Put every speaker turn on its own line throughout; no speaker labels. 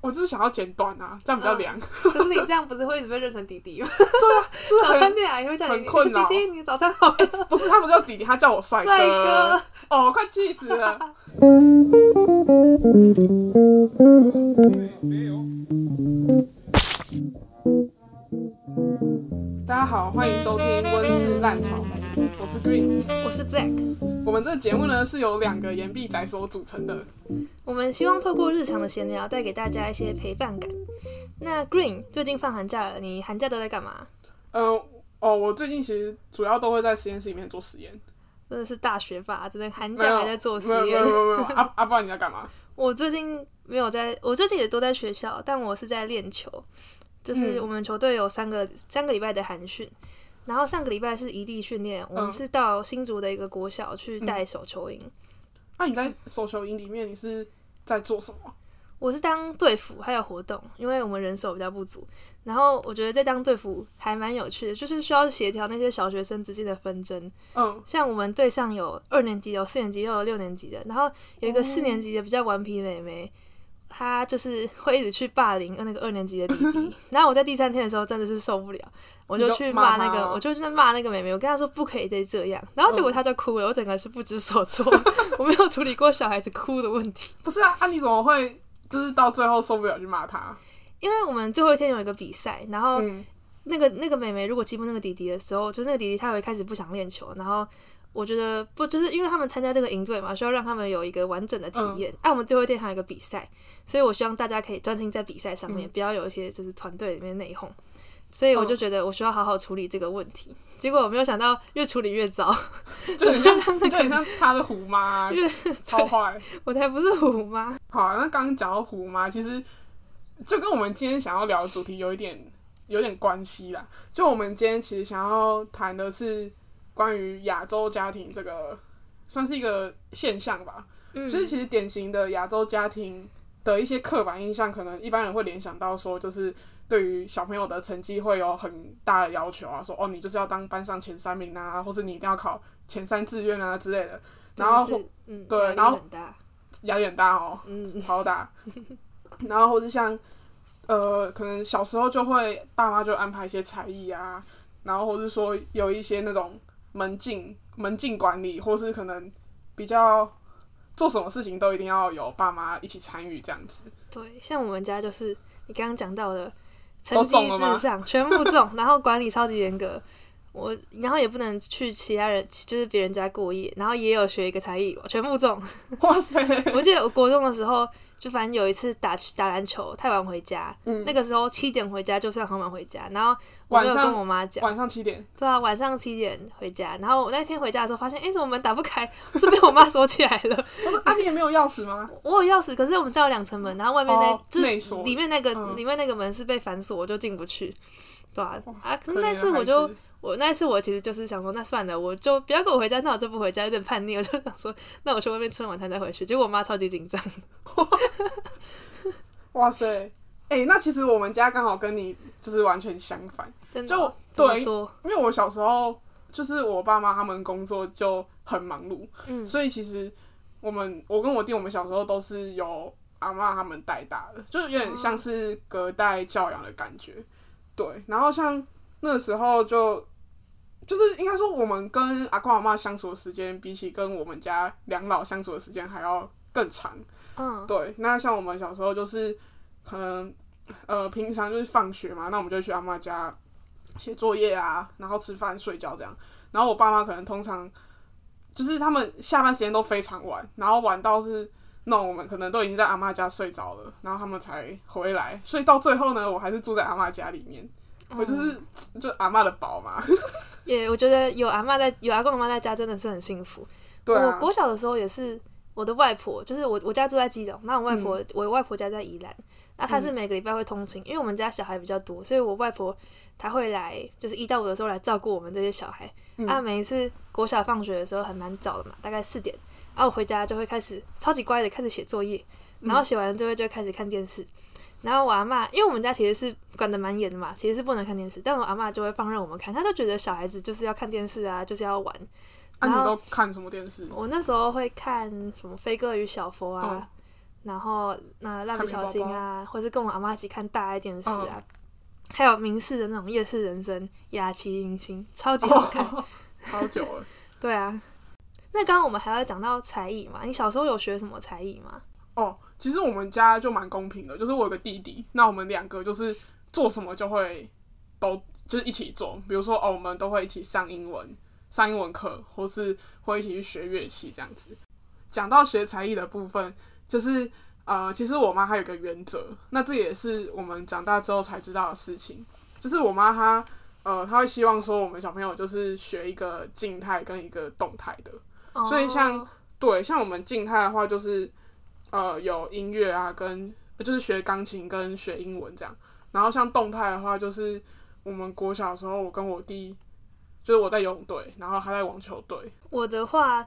我就是想要剪短啊，這樣比較涼、
嗯。可是你這樣不是會一直被認成弟弟
嗎？ 對啊，就是、很早餐店、啊、很困弟弟，你早餐好。 不是他不是叫弟弟，他叫我帥哥。帥哥，哦，快氣死
了。
大家好，歡迎收聽《溫室爛草莓》，我是 Green，我是 Black。我們這個節目呢，是由兩個岩壁宅所組成的。
我們希望透過日常的閒聊，帶給大家一些陪伴感。那 Green 最近放寒假了，你寒假都在幹嘛？
呃，哦、呃，我最近其實主要都會在實驗室裡面做實驗。
真的是大學霸，真的寒假還在做實驗？沒有、沒有、沒有、阿阿爸，啊 啊啊、你在幹嘛？我最近沒有在，我最近也都在學校，但我是在練球。就是我們球隊有三個、嗯、三個禮拜的寒訓，然後上個禮拜是異地訓練，嗯、我們是到新竹的一個國小去帶手球營。那、嗯啊、你在手球營裡面，你是？在做什麼？我是當隊服還有活動，因為我們人手比較不足。然後我覺得在當隊服還蠻有趣的，就是需要協調那些小學生之間的紛爭。嗯，像我們隊上有二年級、有四年級、又有六年級的，然後有一個四年級的比較頑皮的妹妹。嗯。他就是會一直去霸凌那個二年級的弟弟，然後我在第三天的時候真的是受不了， 我就去罵那個，就哦、我就在罵那個妹妹。我跟她說不可以再這樣，然後結果她就哭了，嗯、我整個是不知所措， 我沒有處理過小孩子哭的問題。不是啊，啊你怎麼會就是到最後受不了去罵她？因為我們最後一天有一個比賽，然後那個、嗯、那個妹妹如果欺負那個弟弟的時候，就是那個弟弟他會開始不想練球，然後。我覺得不就是因為他們參加這個營隊嘛，需要讓他們有一個完整的體驗。哎、嗯啊，我們最後一天還有一個比賽，所以我希望大家可以專心在比賽上面，嗯、不要有一些就是團隊裡面內訌。所以我就覺得我需要好好處理這個問題。嗯、結果我沒有想到越處理越糟，就你像那個就像他的虎媽、啊，為超壞，我才不是虎媽。好、啊，那剛講
到虎媽，其實就跟我們今天想要聊的主題有一點有一點關係啦，就我們今天其實想要談的是關於亞洲家庭這個，算是一個現象吧。嗯、就是其實典型的亞洲家庭的一些刻板印象，可能一般人會聯想到說，就是對於小朋友的成績會有很大的要求啊。說哦，你就是要當班上前三名啊，或者你一定要考前三志願啊之類的。的然後，嗯、對，然後壓力很大，壓力很大哦，嗯，超大。 然後或者像呃，可能小時候就會爸媽就安排一些才藝啊，然後或者說有一些那種。門禁、門禁管理，或是可能比較做什麼事情都一定要有爸媽一起參與這樣子。
對，像我們家就是你剛剛講到的，
成績至上，
全部中，然後管理超級嚴格。 我然後也不能去其他人，就是別人家過夜，然後也有學一個才藝，我全部中。哇塞！ 我記得我國中的時候。就反正有一次打打籃球太晚回家，嗯、那個時候七點回家就算很晚回家。然後我沒有跟我媽講，晚上七點，對啊，晚上七點回家。然後我那天回家的時候發現，哎、欸，怎麼門打不開？是被我媽鎖起來了。 我說：“啊，你也沒有鑰匙嗎？”我，我有鑰匙，可是我們家有兩層門，然後外面那、哦、就裡面那個、嗯、裡面那個門是被反鎖，我就進不去，對啊，哇啊，可憐是那次我就。我那一次，我其實就是想說，那算了，我就不要跟我回家，那我就不回家，有點叛逆。我就想說，那我去外面吃晚餐再回去。結果我媽超級緊張。
哇塞，哎、欸，那其實我們家剛好跟你就是完全相反，
就對，說
因為我小時候就是我爸媽他們工作就很忙碌，嗯、所以其實我們我跟我弟我們小時候都是由阿嬤他們帶大的，就是有點像是隔代教養的感覺。啊、對，然後像。那時候就就是應該說，我們跟阿公阿嬤相處的時間，比起跟我們家兩老相處的時間還要更長。嗯、啊，對。那像我們小時候，就是可能呃，平常就是放學嘛，那我們就去阿嬤家寫作業啊，然後吃飯睡覺這樣。然後我爸媽可能通常就是他們下班時間都非常晚，然後晚到是那我們可能都已經在阿嬤家睡着了，然後他們才回來。所以到最後呢，我還是住在阿嬤家裡面。我就是就阿嬤的寶嘛，
也、 yeah, 我覺得有阿嬤在，有阿公阿嬤在家真的是很幸福。
對、啊，我國
小的時候也是我的外婆，就是我我家住在基隆，那我外婆、嗯、我外婆家在宜蘭，那她是每個禮拜會通勤，因為我們家小孩比較多，所以我外婆她會來，就是一到五的時候來照顧我們這些小孩。嗯、啊，每一次國小放學的時候還蠻早的嘛，大概四點，然後我回家就會開始超級乖的開始寫作業，然後寫完之後就會開始看電視。嗯然後我阿嬤，因為我們家其實是管得蠻嚴的嘛，其實是不能看電視，但我阿嬤就會放任我們看，她都覺得小孩子就是要看電視啊，就是要玩
然後、啊、你都
看什麼電視？我那時候會看什麼《飛哥與小佛》啊，哦，然後那《蠟筆小新》啊，包包或是跟我阿嬤一起看大愛電視啊，嗯、還有民視的那種《夜市人生》、《雅齊明星》，超級好看，哦哦、超久了。 對啊，那剛剛我們還要講到才藝嘛，你小時候有學什麼才藝嗎？哦。其實我們家就
蠻公平的，就是我有個弟弟，那我們兩個就是做什麼就會都就是一起做，比如說哦，我們都會一起上英文，上英文課，或是會一起去學樂器這樣子。講到學才藝的部分，就是呃，其實我媽還有一個原則，那這也是我們長大之後才知道的事情，就是我媽她呃，她會希望說我們小朋友就是學一個靜態跟一個動態的，所以像、oh. 對像我們靜態的話就是。呃，有音樂啊，跟就是學鋼琴跟學英文這樣。然後像動態的話，就是我們國小的時候，我跟我弟，就是我在游泳隊，然後他在網球隊。
我的話，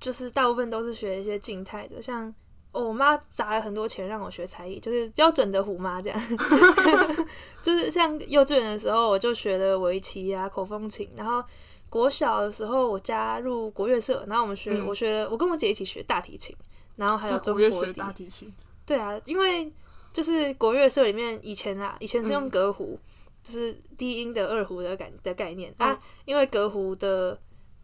就是大部分都是學一些靜態的，像、哦、我媽砸了很多錢讓我學才藝，就是標準的虎媽這樣。 就是像幼稚園的時候，我就學了圍棋啊，口風琴，然後國小的時候我加入國樂社，然後我們學、嗯、我學了，我跟我姐一起學大提琴。然後還有中國的大提琴，對啊，因為就是國樂社裡面以前啊，以前是用革胡，就是低音的二胡的感的概念、嗯、啊，因為革胡的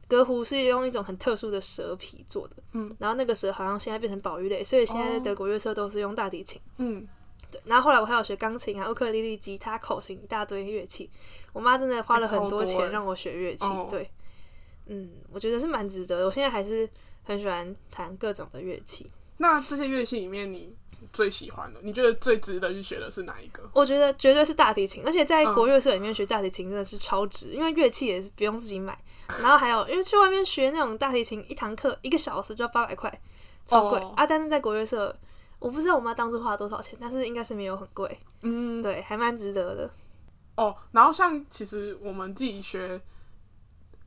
革胡是用一種很特殊的蛇皮做的，嗯，然後那個蛇好像現在變成保育類，所以現在的國樂社都是用大提琴，嗯，對。然後後來我還有學鋼琴啊、烏克麗麗、吉他、口琴一大堆樂器，我媽真的花了很多錢讓我學樂器，對，嗯，我覺得是蠻值得的。我現在還是。很喜歡彈各種的樂器。
那這些樂器裡面，你最喜歡的？你覺得最值得去學的是哪一個？
我覺得絕對是大提琴，而且在國樂社裡面學大提琴真的是超值，嗯、因為樂器也是不用自己買。 然後還有，因為去外面學那種大提琴，一堂課一個小時就要八百塊，超貴、哦、啊！但是在國樂社，我不知道我媽當時花了多少錢，但是應該是沒有很貴。嗯，對，還蠻值得的。哦，然後像
其實我們自己學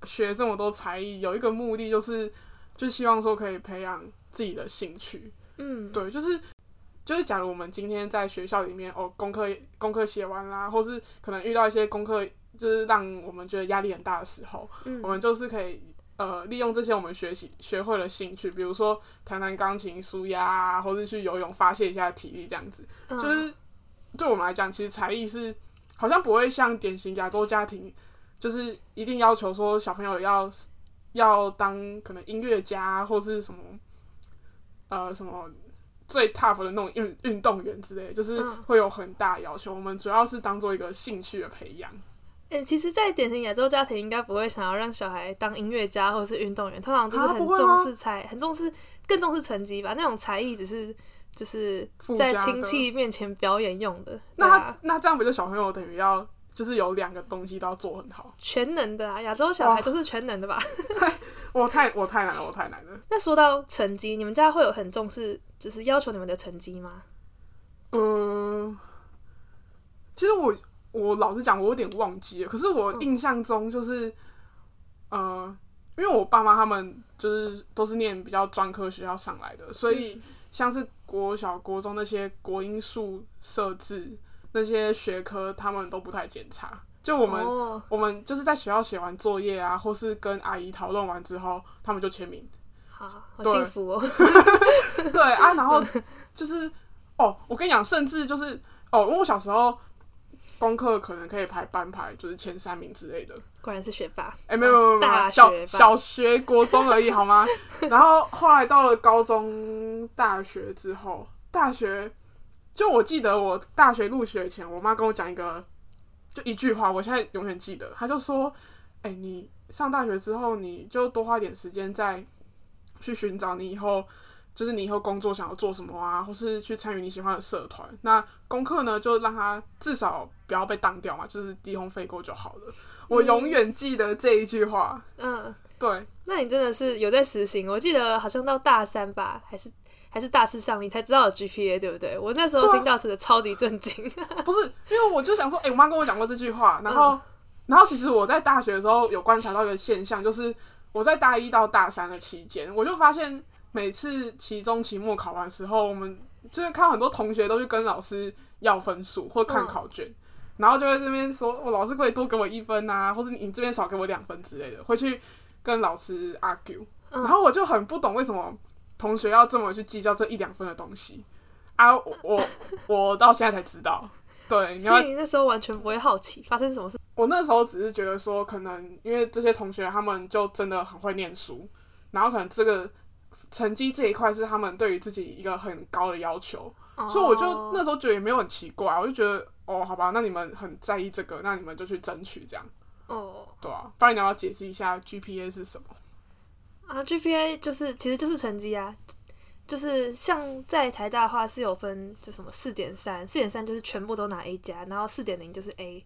學這麼多才藝，有一個目的就是。就希望說可以培養自己的興趣，嗯，對，就是就是，假如我們今天在學校裡面，哦，功課功課寫完啦、啊，或是可能遇到一些功課，就是讓我們覺得壓力很大的時候，嗯、我們就是可以，呃，利用這些我們學習學會了興趣，比如說彈彈鋼琴舒壓、啊，或是去游泳發洩一下體力，這樣子，就是、嗯、對我們來講，其實才藝是好像不會像典型亞洲家庭，就是一定要求說小朋友要。要當可能音樂家或是什麼，呃，什麼最 tough 的那種運運動員之類，就是會有很大要求。我們主要是當做一個興趣的培養。
誒、欸，其實，在典型亞洲家庭，應該不會想要讓小孩當音樂家或是運動員，通常就是很重視才，啊、很重視，更重視成績吧。那種才藝只是就是在親戚面前表演用的。的啊、
那那這樣，不就小朋友等於要？就是有兩個東
西都要做很好，全能的啊！亞洲小孩都是全能的吧？太我太我太難了，我太難了。那說到成績，你們家會有很重視，就是要求你們的成績嗎？嗯、
呃，其實我我老實講，我有點忘記了。可是我印象中就是，嗯、呃，因為我爸媽他們就是都是念比較專科學校上來的，所以像是國小、國中那些國英數社自。那些學科他們都不太檢查，就我們、哦、我們就是在學校寫完作業啊，或是跟阿姨討論完之後，他們就簽名。
好，對好幸福哦。
對啊，然後就是、嗯、哦，我跟你講，甚至就是哦，因為我小時候功課可能可以排班排就是前三名之類的。果然是學霸。哎、欸，哦、沒有沒有沒有、哦，小小學、國中而已，好嗎？然後後來到了高中、大學之後，大學。就我記得，我大學入學前，我媽跟我講一個，就一句話，我現在永遠記得。她就說：“哎、欸，你上大學之後，你就多花點時間再去尋找你以後，就是你以後工作想要做什麼啊，或是去參與你喜歡的社團。那功課呢，就讓它至少不要被當掉嘛，就是低空飛過就好了。嗯”我永遠記得這一句話。
嗯，對。那你真的是有在實行？我記得好像到大三吧，還是？還是大四上你才知道有 GPA 對不對？我那時候聽到真的超級震驚、
啊。不是，因為我就想說，哎、欸，我媽跟我講過這句話，然後，嗯、然後其實我在大學的時候有觀察到一個現象，就是我在大一到大三的期間，我就發現每次期中、期末考完的時候，我們就是看很多同學都去跟老師要分數或看考卷，嗯、然後就在這邊說，我老師可以多給我一分啊，或者你這邊少給我兩分之類的，會去跟老師 argue，嗯、然後我就很不懂為什麼。同學要這麼去計較這一兩分的東西
啊！我我，我到現在才知道，對，所以你那時候完全不會好奇發生什麼事？我那
時候只是覺得說，可能因為這些同學他們就真的很會念書，然後可能這個成績這一塊是他們對於自己一個很高的要求，oh. 所以我就那時候覺得也沒有很奇怪，啊，我就覺得哦，好吧，那你們很在意這個，那你們就去爭取這樣。
哦，oh.
對啊，不然你要不要解釋一下 GPA 是什麼？
啊，GPA 就是其實就是成績啊，就是像在台大的話是有分，就什麼四點三、四點三就是全部都拿 A 加，然後四點零就是 A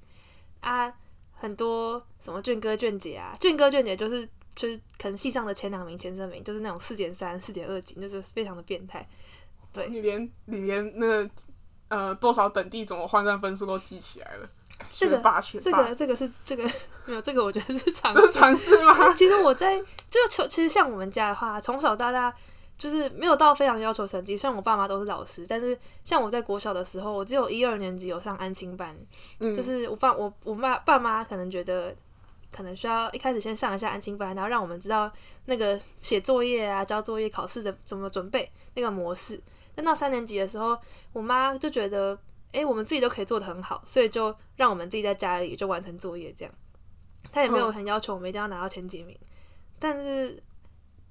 啊，很多什麼卷哥、卷姐啊，卷哥、卷姐就是就是可能系上的前兩名、前三名就是那種四點三、四點二幾，就是非常的變態。對，你連你連那個呃多少等第怎麼換算分數都記起來了。霸，這個霸這個這個是這個沒有，這個我覺得是常是嘗試嗎？ 其實我在就其實像我們家的話，從小到大就是沒有到非常要求成績。雖然我爸媽都是老師，但是像我在國小的時候，我只有一二年級有上安親班，嗯、就是我爸我我爸爸媽可能覺得可能需要一開始先上一下安親班，然後讓我們知道那個寫作業啊、交作業、考試的怎麼準備那個模式。但到三年級的時候，我媽就覺得。哎、欸，我們自己都可以做得很好，所以就讓我們自己在家裡就完成作業這樣。他也沒有很要求我們一定要拿到前幾名，但是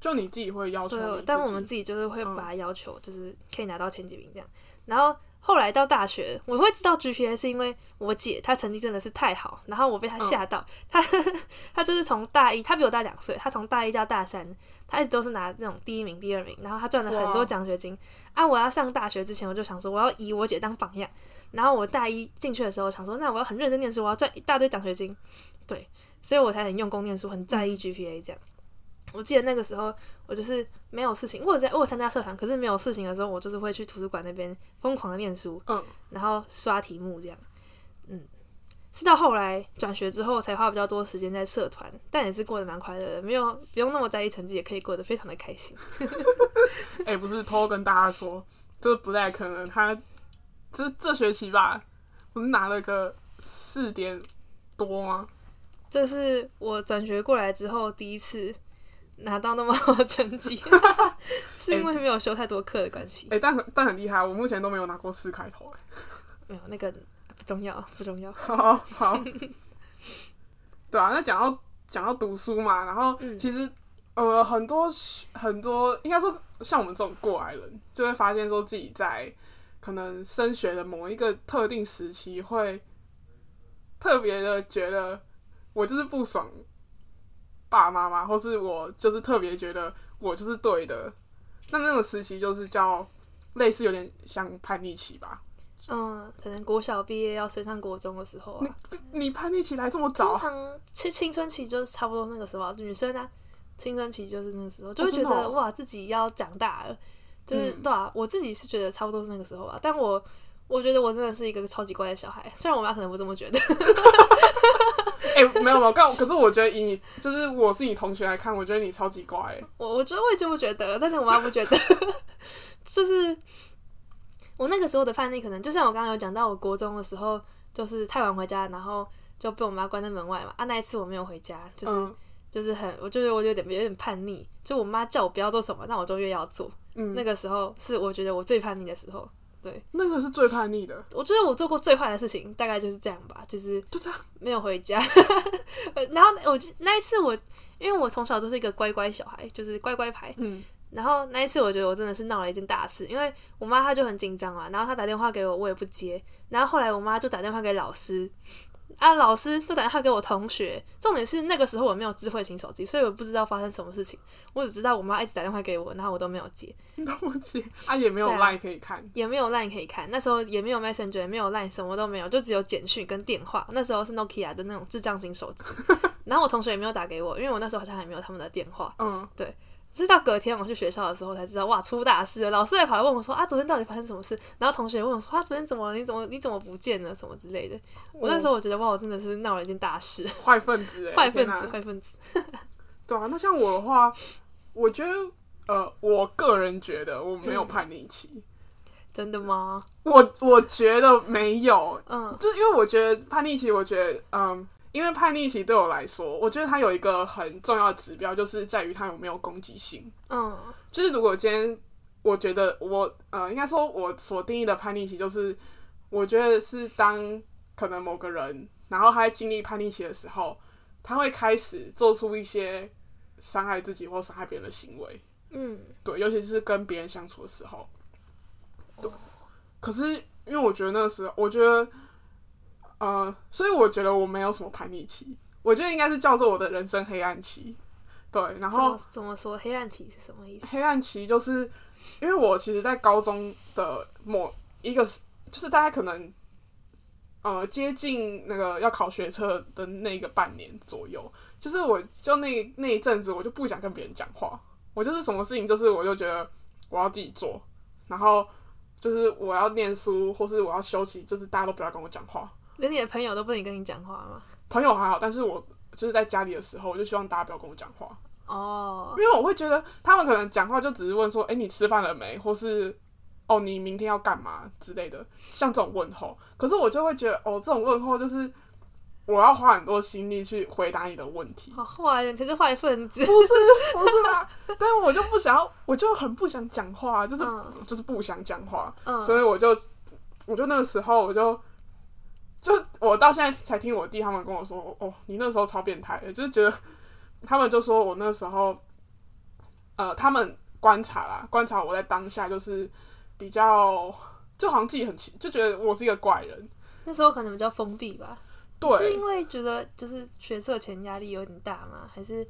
就你自己會要求對、哦，但我們自己就是會把他要求、嗯、就是可以拿到前幾名這樣。然後。後來到大學，我會知道 GPA 是因為我姐她成績真的是太好，然後我被她嚇到。嗯、她她就是從大一，她比我大兩歲，她從大一到大三，她一直都是拿這種第一名、第二名，然後她賺了很多獎學金哇 啊。我要上大學之前，我就想說我要以我姐當榜樣。然後我大一進去的時候想說，那我要很認真念書，我要賺一大堆獎學金。對，所以我才很用功念書，很在意 GPA 這樣。我記得那個時候，我就是沒有事情，我在我有參加社團，可是沒有事情的時候，我就是會去圖書館那邊瘋狂的念書，嗯，然後刷題目這樣，嗯，是到後來轉學之後才花比較多時間在社團，但也是過得蠻快樂的，沒有不用那麼在意成績，也可以過得非常的開心。哎、 欸，不是，偷偷跟大家說，
這 Black 呢。他這這學期吧，不是拿了個四點多嗎？
這是我轉學過來之後第一次。拿到那麼好的成績， 是因為沒有修太多課的關係。哎、欸欸，但但很厲害，我目前都沒有拿過四開頭，哎，沒有那個不重要，不重要。好好，好
對啊，那講到講到讀書嘛，然後其實、嗯、呃很多很多，應該說像我們這種過來人，就會發現說自己在可能升學的某一個特定時期，會特別的覺得我就是不爽。爸爸媽媽，或是我，就是特別覺得我就是對的。那那種時期就是叫類似，有點像叛逆期吧。
嗯，可能國小畢業要升上國中的時候、啊你，你你叛逆期來這麼早，啊。通常青青春期就是差不多那個時候。女生呢，啊，青春期就是那個時候，就會覺得、哦哦、哇，自己要長大了，就是、嗯、對啊。我自己是覺得差不多是那個時候啊。但我我覺得我真的是一個超級乖的小孩，雖然我媽可能不這麼覺得。
哎、欸，沒有，沒有，可是我覺得以你就是我是你同學來看，我覺得你超級乖。
我我覺得我就不覺得，但是我媽不覺得。 就是我那個時候的叛逆，可能就像我剛剛有講到，我國中的時候就是太晚回家，然後就被我媽關在門外嘛。啊，那一次我沒有回家，就是、嗯、就是很，我就是我有點有點叛逆，就我媽叫我不要做什麼，那我就越要做。嗯，那個時候是我覺得我最叛逆的時候。對那個是最叛逆的。我覺得我做過最壞的事情大概就是這樣吧，就是就這樣沒有回家，就 然後那我那一次我因為我從小就是一個乖乖小孩，就是乖乖牌，嗯，然後那一次我覺得我真的是鬧了一件大事，因為我媽她就很緊張啊，然後她打電話給我，我也不接，然後後來我媽就打電話給老師。啊！老師就打電話給我同學，重點是那個時候我沒有智慧型手機，所以我不知道發生什麼事情。我只知道我媽一直打電話給我，然後我都沒有接。你都沒接啊？也沒有 Line 可以看，啊、也沒有 Line 可以看。那時候也沒有 Messenger，也沒有 Line，什麼都沒有，就只有簡訊跟電話。那時候是 Nokia、ok、的那種智障型手機。 然後我同學也沒有打給我，因為我那時候好像還沒有他們的電話。嗯，對。直到隔天我去學校的時候才知道，哇，出大事了！老師也跑來問我說：“啊，昨天到底發生什麼事？”然後同學也問我說：“啊，昨天怎麼了？你怎麼你怎麼不見了？什麼之類的？”
我，我那時候我
覺得，哇，我真的是鬧了一件大事。壞分子哎，壞分子，壞分子。
對啊，那像我的話，我覺得，呃，我個人覺得我沒有叛逆
期。 真的嗎？
我我覺得沒有，嗯，就是因為我覺得叛逆期，我覺得，嗯。因為叛逆期對我來說，我覺得它有一個很重要的指標，就是在於它有沒有攻擊性。嗯，
就
是如果今天我覺得我呃，應該說我所定義的叛逆期，就是我覺得是當可能某個人，然後他在經歷叛逆期的時候，他會開始做出一些傷害自己或傷害別人的行為。嗯，對，尤其是跟別人相處的時候。對，可是因為我覺得那個時候，我覺得。呃，所以我覺得我沒有什麼叛逆期，我覺得應該是叫做我的人生黑暗期。對，然後
怎麼說黑暗期是什麼意
思？黑暗期就是因為我其實在高中的某一個，就是大家可能呃接近那個要考學測的那個半年左右，就是我就那那一陣子，我就不想跟別人講話，我就是什麼事情，就是我就覺得我要自己做，然後就是我要念書，或是我要休息，就是大家都不要跟我講話。
連你的朋友都不能跟你講話嗎？
朋友還好，但是我就是在家裡的時候，我就希望大家不要跟我講話
哦，oh. 因為我會覺得他們
可能講話就只是問說，哎、欸，你吃飯了沒？或是哦，你明天要幹嘛之類的，像這種問候。可是我就會覺得，哦，這種問候就是我要花很多心力去回答你的問題。
好壞人才是壞分子，不是，不是啦，
但是 我就不想要，我就很不想講話，就是、oh. 就是不想講話，oh. 所以我就我就那個時候我就。就我到現在才聽我弟他們跟我說哦，你那時候超變態的，就是覺得他們就說我那時候，呃，他們觀察啦，觀察我在當下就是比較就好像自己很奇，就覺得我是一個怪人。
那時候可能比較封閉吧，
對，是因
為覺得就是學測前壓力有點大嗎？還是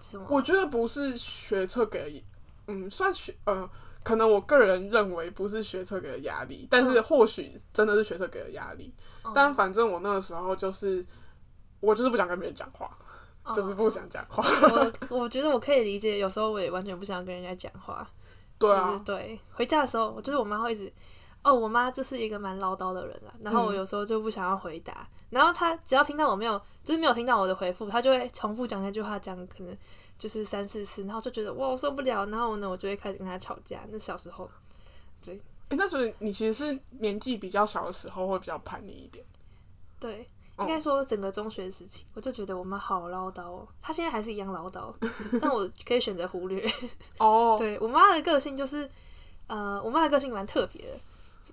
什麼？我覺得不是學
測給，嗯，算學呃。可能我個人認為不是學測給的壓力，但是或許真的是學測給的壓力。嗯、但反正我那個時候就是，我就是不想跟別人講話，嗯、就是不想講話。
嗯、我我覺得我可以理解， 有時候我也完全不想跟人家講話。對啊，是對，回家的時候，就是我媽會一直。哦，我媽就是一個蠻嘮叨的人啦。然後我有時候就不想要回答。嗯、然後她只要聽到我沒有，就是沒有聽到我的回復，她就會重複講那句話，講，講可能就是三四次，然後就覺得哇，我受不了。然後呢，我就會開始跟她吵架。那小時候，對，哎，那時候你其實是年紀比較小的時候，會比較叛逆一點。對，哦、應該說整個中學時期，我就覺得我媽好嘮叨哦。她現在還是一樣嘮叨， 但我可以選擇忽略。哦，對我媽的個性就是，呃，我媽的個性蠻特別的。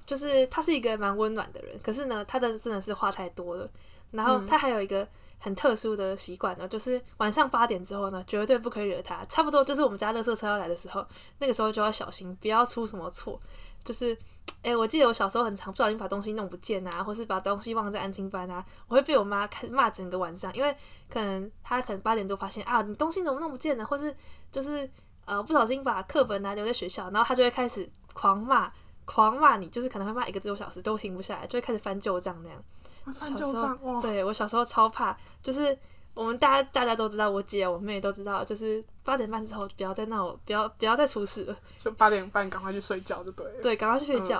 就是他是一個蠻溫暖的人，可是呢，他的真的是話太多了。
然後他還
有一個很特殊的習慣呢，嗯、就是晚上八點之後呢，絕對不可以惹他。差不多就是我們家垃圾車要來的時候，那個時候就要小心，不要出什麼錯。就是，哎、欸，我記得我小時候很常不小心把東西弄不見啊，或是把東西忘在安親班啊，我會被我媽開罵整個晚上，因為可能他可能八點多發現啊，你東西怎麼弄不見呢？或是就是呃不小心把課本啊留在學校，然後他就會開始狂罵。狂罵你，就是可能會罵一個多小時都停不下來，就會開始翻舊賬那樣。翻舊賬，我啊、對我小時候超怕，哇就是我們大家大家都知道，我姐我妹都知道，就是八點半之後不要再鬧，不要不要再出事了，就八點半趕快去睡覺就對了。對，趕快去睡覺，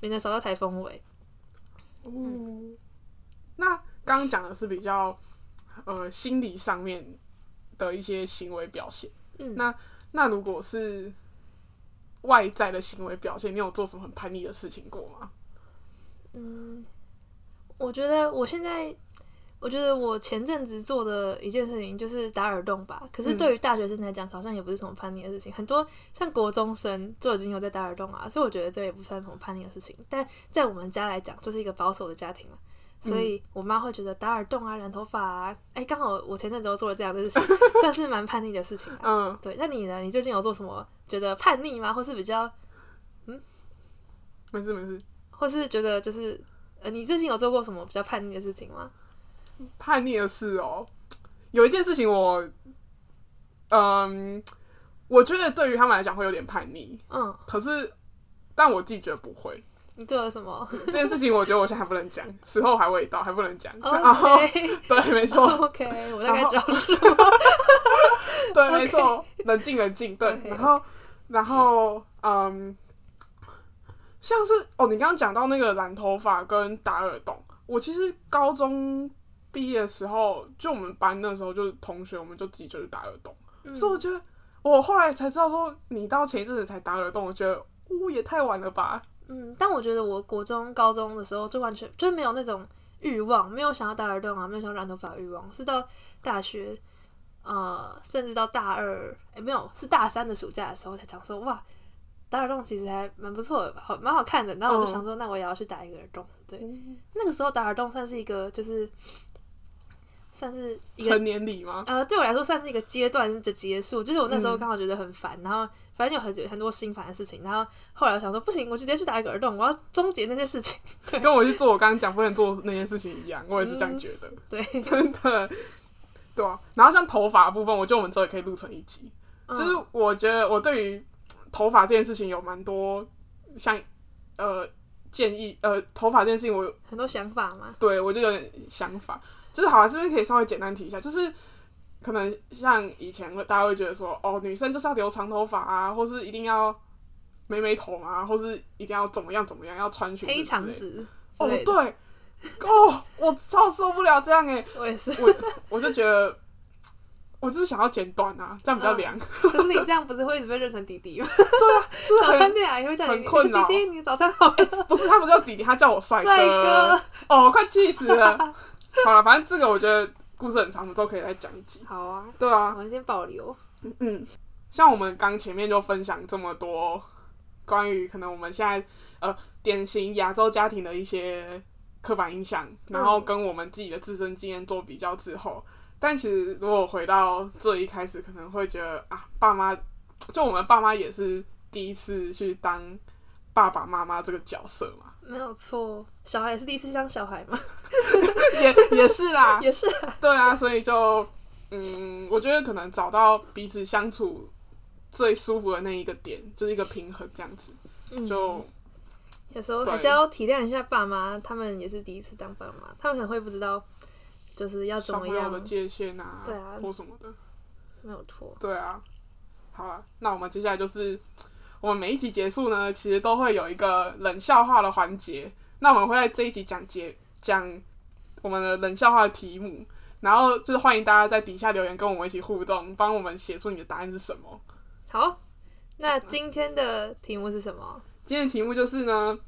免得掃到台風尾。哦、
嗯，那剛剛講的是比較呃心理上面的一些行為表現。嗯，那那如果是。外在的行為表現，你有做什麼很叛逆的事情過嗎？
嗯，我覺得我現在，我覺得我前陣子做的一件事情就是打耳洞吧。可是對於大學生來講，嗯、好像也不是什麼叛逆的事情。很多像國中生做的已經有在打耳洞啊，所以我覺得這也不算什麼叛逆的事情。但在我們家來講，就是一個保守的家庭了、啊，所以我媽會覺得打耳洞啊、染頭髮啊，哎、欸，剛好我前陣子都做了這樣的事情， 算是蠻叛逆的事情、啊。嗯，對。那你呢？你最近有做什麼？覺得叛逆嗎？或是比較嗯，沒事沒事，或是覺得就是呃，你最近有做過什麼比較叛逆的事情嗎？叛逆的
事哦，有一件事情我嗯，我覺得對於他們來講會有點叛逆，嗯，可是但我自己覺得不會。
你做了什麼？嗯，
這件事情我覺得我現在還不能講， 時候還未到，還不能講。Okay 然後
對，沒錯，OK，後我大概正事。
對，Okay. 沒錯，冷靜，冷靜。對，Okay, okay. 然後，然後，嗯，像是哦，你剛剛講到那個染頭髮跟打耳洞，我其實高中畢業的時候，就我們班那時候就是同學，我們就自己就是打耳洞。嗯、所以我覺得，我後來才知道說，你到前一陣子才打耳洞，我覺得，嗚、哦，也太晚了吧。嗯，
但我覺得我國中、高中的時候就完全就沒有那種欲望，沒有想要打耳洞啊，沒有想染頭髮欲望，是到大學。呃，甚至到大二，欸、沒有，是大三的暑假的時候才想說，哇，打耳洞其實還蠻不錯的，好，蠻好看的。然後我就想說，嗯、那我也要去打一個耳洞。對，那個時候打耳洞算是一個，就是算是成年禮嗎？呃，對我來說算是一個階段的結束。就是我那時候剛好覺得很煩，嗯、然後反正有很很多心煩的事情。然後後來我想說，不行，我直接去打一個耳洞，我要終結那件事情。
對，跟我去做我剛剛講不能做那件事情一樣，我也是這樣覺得。嗯、
對，真的。
對啊，然後像頭髮的部分，我覺得我們這也可以錄成一集。嗯、就是我覺得我對於頭髮這件事情有蠻多像呃建議呃，頭髮這件事情我有很多想法嘛。對，我就有點想法。就是好、啊、是不是可以稍微簡單提一下，就是可能像以前大家會覺得說，哦，女生就是要留長頭髮啊，或是一定要妹妹頭啊，或是一定要怎麼樣怎麼樣，要穿裙子。黑長直。哦，對。哦，我超受不了這樣哎！我也是，我我就覺得，我就是想要剪短啊，這樣比較涼、
嗯。可是你這樣不是會一直被認成弟弟嗎？ 對啊，就是很，啊、很困擾，也會叫你弟弟。弟弟，你早上好了。不是，他不
是叫弟弟，他叫我帥哥。帥哥，哦，快氣死了！ 好了，反正這個我覺得故事很長，我們都可以再講一集，好啊，
對啊，我們先保留。嗯
嗯，像我們剛前面就分享這麼多關於可能我們現在呃典型亞洲家庭的一些。刻板印象，然後跟我們自己的自身經驗做比較之後，嗯、但其實如果回到這一開始，可能會覺得啊，爸媽就我們爸媽也是第一次去當爸爸媽媽這個角色嘛，
沒有錯，小孩也是第一次當小孩嘛， 也也是啦， 也是、啊，對
啊，所以就嗯，我覺得可能找到彼此相處最舒服的那一個點，就是一個平衡這樣子，嗯、
就。有時候還是要體諒一下爸媽，對他們也是第一次當爸媽，他們可能會不知道就是要怎麼樣的
界限啊，對啊，拖什麼的沒有拖，對啊，
好了，
那我們接下來就是我們每一集結束呢，其實都會有一個冷笑話的環節，那我們會在這一集講解講我們的冷笑話的題目，然後就是歡迎大家在底下留言跟我們一起互動，幫我們寫出你的答案是什麼。
好，那今天的題目是什麼？今天的題目就是呢，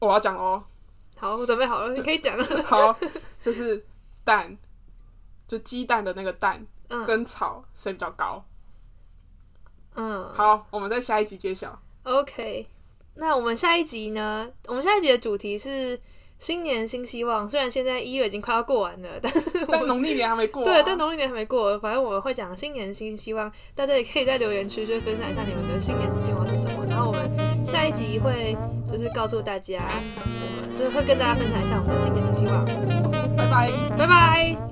我要講哦。好，我準備好了，你可以講了。 好，就是
蛋，就雞蛋的那個蛋，跟草誰比較高？嗯。好，我們在下一集揭曉。
OK，那我們下一集呢？我們下一集的主題是。新年新希望，雖然現在一月已經快要過完了，但
是但農曆年還沒過啊。對，
但農曆年還沒過，反正我會講新年新希望，大家也可以在留言區就分享一下你們的新年新希望是什麼，然後我們下一集會就是告訴大家，我們就是會跟大家分享一下我們的新年新希望，拜拜，拜拜。